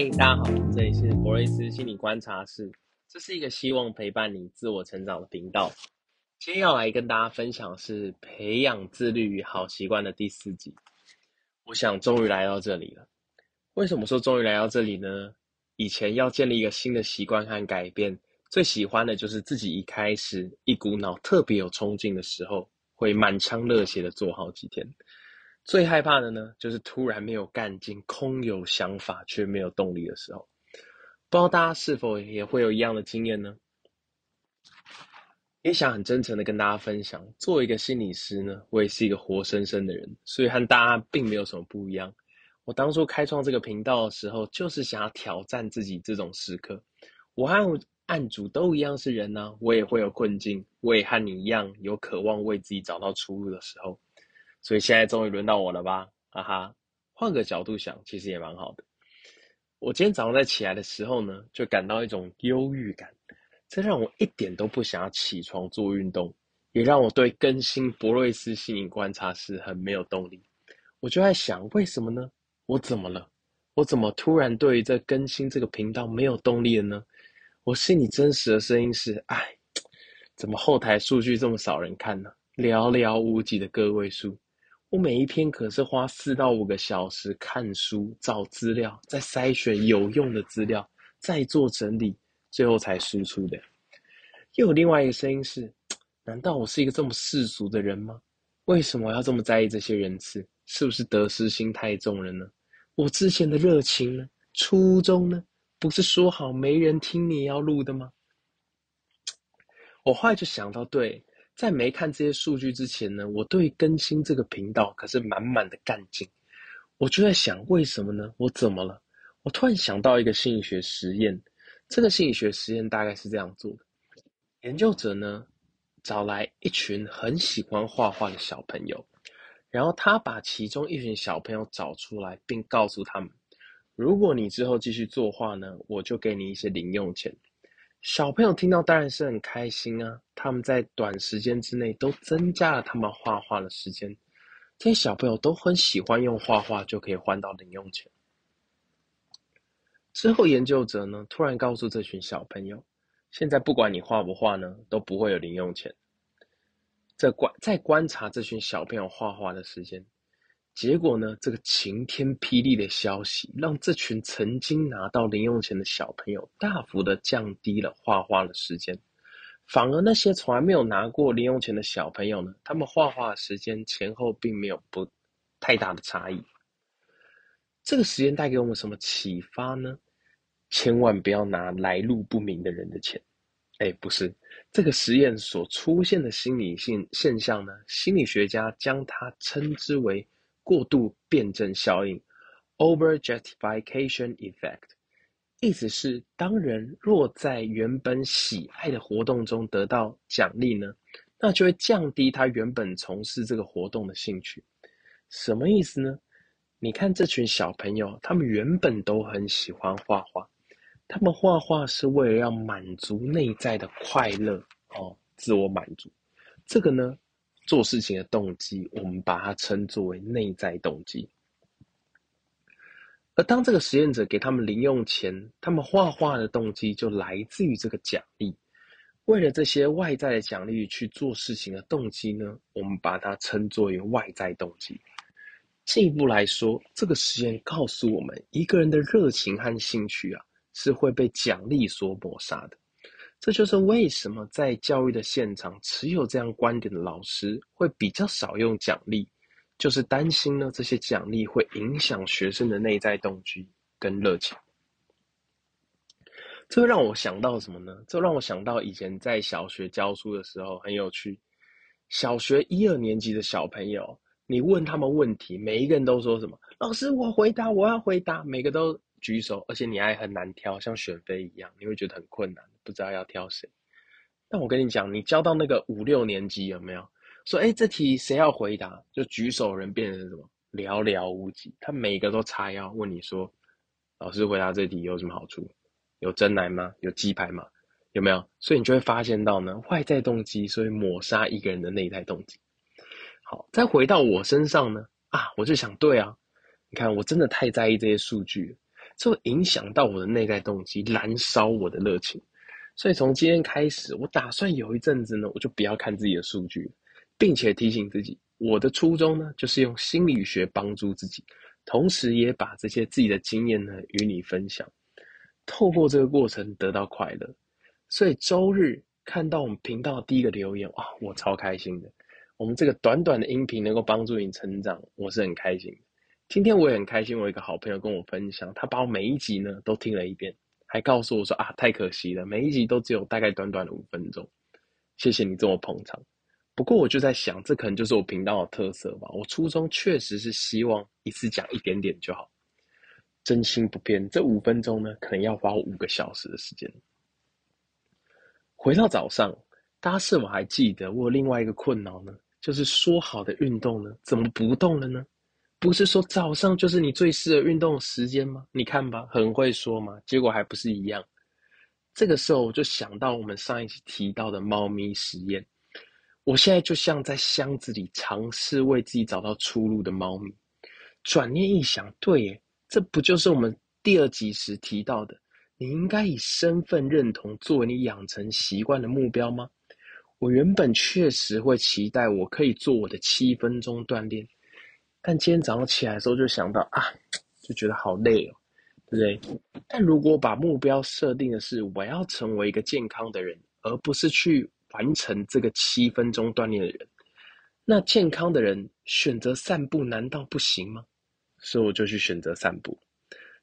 Hey, 大家好，這裡是博瑞斯心理觀察室。這是一個希望陪伴你自我成長的頻道。今天要來跟大家分享的是培養自律與好習慣的第四集。我想終於來到這裡了。為什麼說終於來到這裡呢？以前要建立一個新的習慣和改變，最喜歡的就是自己一開始一股腦特別有衝勁的時候，會滿腔熱血的做好幾天。最害怕的呢，就是突然沒有幹勁，空有想法卻沒有動力的時候。不知道大家是否也會有一樣的經驗呢？也想很真誠的跟大家分享，作為一個心理師呢，我也是一個活生生的人，所以和大家並沒有什麼不一樣。我當初開創這個頻道的時候，就是想要挑戰自己這種時刻。我和案主都一樣是人呢、啊，我也會有困境，我也和你一樣有渴望為自己找到出路的時候。所以現在終於輪到我了吧，哈哈！換個角度想，其實也蠻好的。我今天早上在起來的時候呢，就感到一種憂鬱感，這讓我一點都不想要起床做運動，也讓我對更新博瑞斯心理觀察室很沒有動力。我就在想，為什麼呢？我怎麼了？我怎麼突然對於這更新這個頻道沒有動力了呢？我心裡真實的聲音是：哎，怎麼後台數據這麼少人看呢？寥寥無幾的個位數。我每一篇可是花四到五個小時看書、找資料，再篩選有用的資料，再做整理，最後才輸出的。又有另外一個聲音是：難道我是一個這麼世俗的人嗎？為什麼要這麼在意這些人次？是不是得失心太重了呢？我之前的熱情呢？初衷呢？不是說好沒人聽你要錄的嗎？我後來就想到，對。在沒看這些數據之前呢，我對更新這個頻道可是滿滿的幹勁。我就在想，為什麼呢？我怎麼了？我突然想到一個心理學實驗。這個心理學實驗大概是這樣做的：研究者呢，找來一群很喜歡畫畫的小朋友，然後他把其中一群小朋友找出來，並告訴他們，如果你之後繼續作畫呢，我就給你一些零用錢。小朋友聽到當然是很開心啊！他們在短時間之內都增加了他們畫畫的時間，這些小朋友都很喜歡用畫畫就可以換到零用錢。之後研究者呢，突然告訴這群小朋友，現在不管你畫不畫呢，都不會有零用錢。在觀，在觀察這群小朋友畫畫的時間。結果呢，這個晴天霹靂的消息讓這群曾經拿到零用錢的小朋友大幅的降低了畫畫的時間，反而那些從來沒有拿過零用錢的小朋友呢，他們畫畫的時間前後並沒有不太大的差異。這個實驗帶給我們什麼啟發呢？千萬不要拿來路不明的人的錢。哎，不是，這個實驗所出現的心理性現象呢，心理學家將它稱之為。過度辯證效應，overjustification effect，意思是當人若在原本喜愛的活動中得到獎勵呢，那就會降低他原本從事這個活動的興趣。什麼意思呢？你看這群小朋友，他們原本都很喜歡畫畫，他們畫畫是為了要滿足內在的快樂哦，自我滿足。這個呢，做事情的動機，我們把它稱作為內在動機。而當這個實驗者給他們零用錢，他們畫畫的動機就來自於這個獎勵。為了這些外在的獎勵去做事情的動機呢，我們把它稱作為外在動機。進一步來說，這個實驗告訴我們，一個人的熱情和興趣啊，是會被獎勵所抹殺的。這就是為什麼在教育的現場，持有這樣觀點的老師會比較少用獎勵，就是擔心呢，這些獎勵會影響學生的內在動機跟熱情。這讓我想到什麼呢？這讓我想到以前在小學教書的時候很有趣，小學一二年級的小朋友，你問他們問題，每一個人都說什麼？老師，我回答，我要回答，每個都。舉手，而且你還很難挑，像選妃一樣，你會覺得很困難，不知道要挑誰。但我跟你講，你教到那個五六年級有沒有？說，誒這題誰要回答？就舉手人變成什麼？寥寥無幾。他每個都叉腰問你說：“老師回答這題有什麼好處？有珍奶嗎？有雞排嗎？有沒有？”所以你就會發現到呢，外在動機所以抹殺一個人的內在動機。好，再回到我身上呢？啊，我就想，對啊，你看，我真的太在意這些數據了。就影響到我的內在動機，燃燒我的熱情。所以從今天開始，我打算有一陣子呢，我就不要看自己的數據，並且提醒自己。我的初衷呢，就是用心理學幫助自己，同時也把這些自己的經驗呢與你分享。透過這個過程得到快樂。所以周日看到我們頻道的第一個留言，哇，我超開心的。我們這個短短的音頻能夠幫助你成長，我是很開心的。今天我也很開心，我有一個好朋友跟我分享，他把我每一集呢都聽了一遍，還告訴我說啊，太可惜了，每一集都只有大概短短的五分鐘。謝謝你這麼捧場，不過我就在想，這可能就是我頻道的特色吧。我初衷確實是希望一次講一點點就好，真心不變。這五分鐘呢，可能要花我五個小時的時間。回到早上，大家是否還記得我有另外一個困擾呢？就是說好的運動呢，怎麼不動了呢？不是說早上就是你最適合運動的時間嗎？你看吧，很會說嘛，結果還不是一樣。這個時候我就想到我們上一期提到的貓咪實驗。我現在就像在箱子裡嘗試為自己找到出路的貓咪。轉念一想，對耶，這不就是我們第二集時提到的，你應該以身份認同作為你養成習慣的目標嗎？我原本確實會期待我可以做我的七分鐘鍛鍊。但今天早上起來的時候，就想到啊，就覺得好累哦，對不對？但如果把目標設定的是我要成為一個健康的人，而不是去完成這個七分鐘鍛鍊的人，那健康的人選擇散步難道不行嗎？所以我就去選擇散步。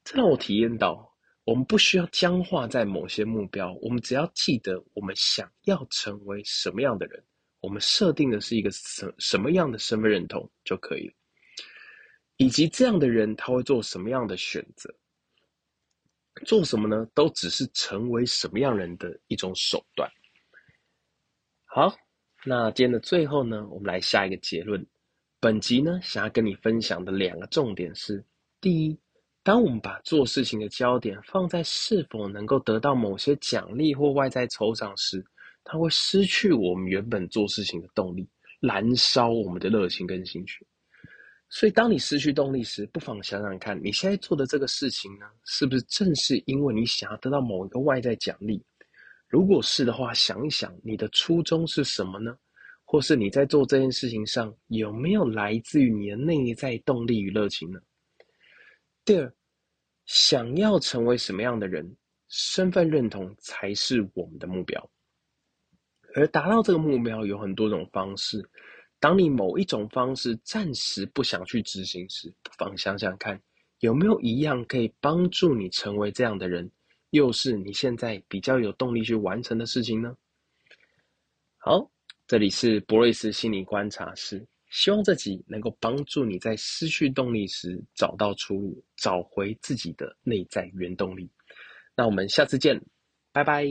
這讓我體驗到，我們不需要僵化在某些目標，我們只要記得我們想要成為什麼樣的人，我們設定的是一個什什麼樣的身份認同就可以了。以及這樣的人，他會做什麼樣的選擇？做什麼呢？都只是成為什麼樣人的一種手段。好，那今天的最後呢，我們來下一個結論。本集呢，想要跟你分享的兩個重點是：第一，當我們把做事情的焦點放在是否能夠得到某些獎勵或外在酬賞時，它會失去我們原本做事情的動力，燃燒我們的熱情跟興趣。所以，當你失去動力時，不妨想想看，你現在做的這個事情呢，是不是正是因為你想要得到某一個外在獎勵？如果是的話，想一想你的初衷是什麼呢？或是你在做這件事情上有沒有來自於你的內在動力與熱情呢？第二，想要成為什麼樣的人，身份認同才是我們的目標。而達到這個目標有很多種方式。當你某一種方式暫時不想去執行時，不妨想想看，有沒有一樣可以幫助你成為這樣的人，又是你現在比較有動力去完成的事情呢？好，這裡是博瑞斯心理觀察室，希望這集能夠幫助你在失去動力時找到出路，找回自己的內在原動力。那我們下次見，拜拜。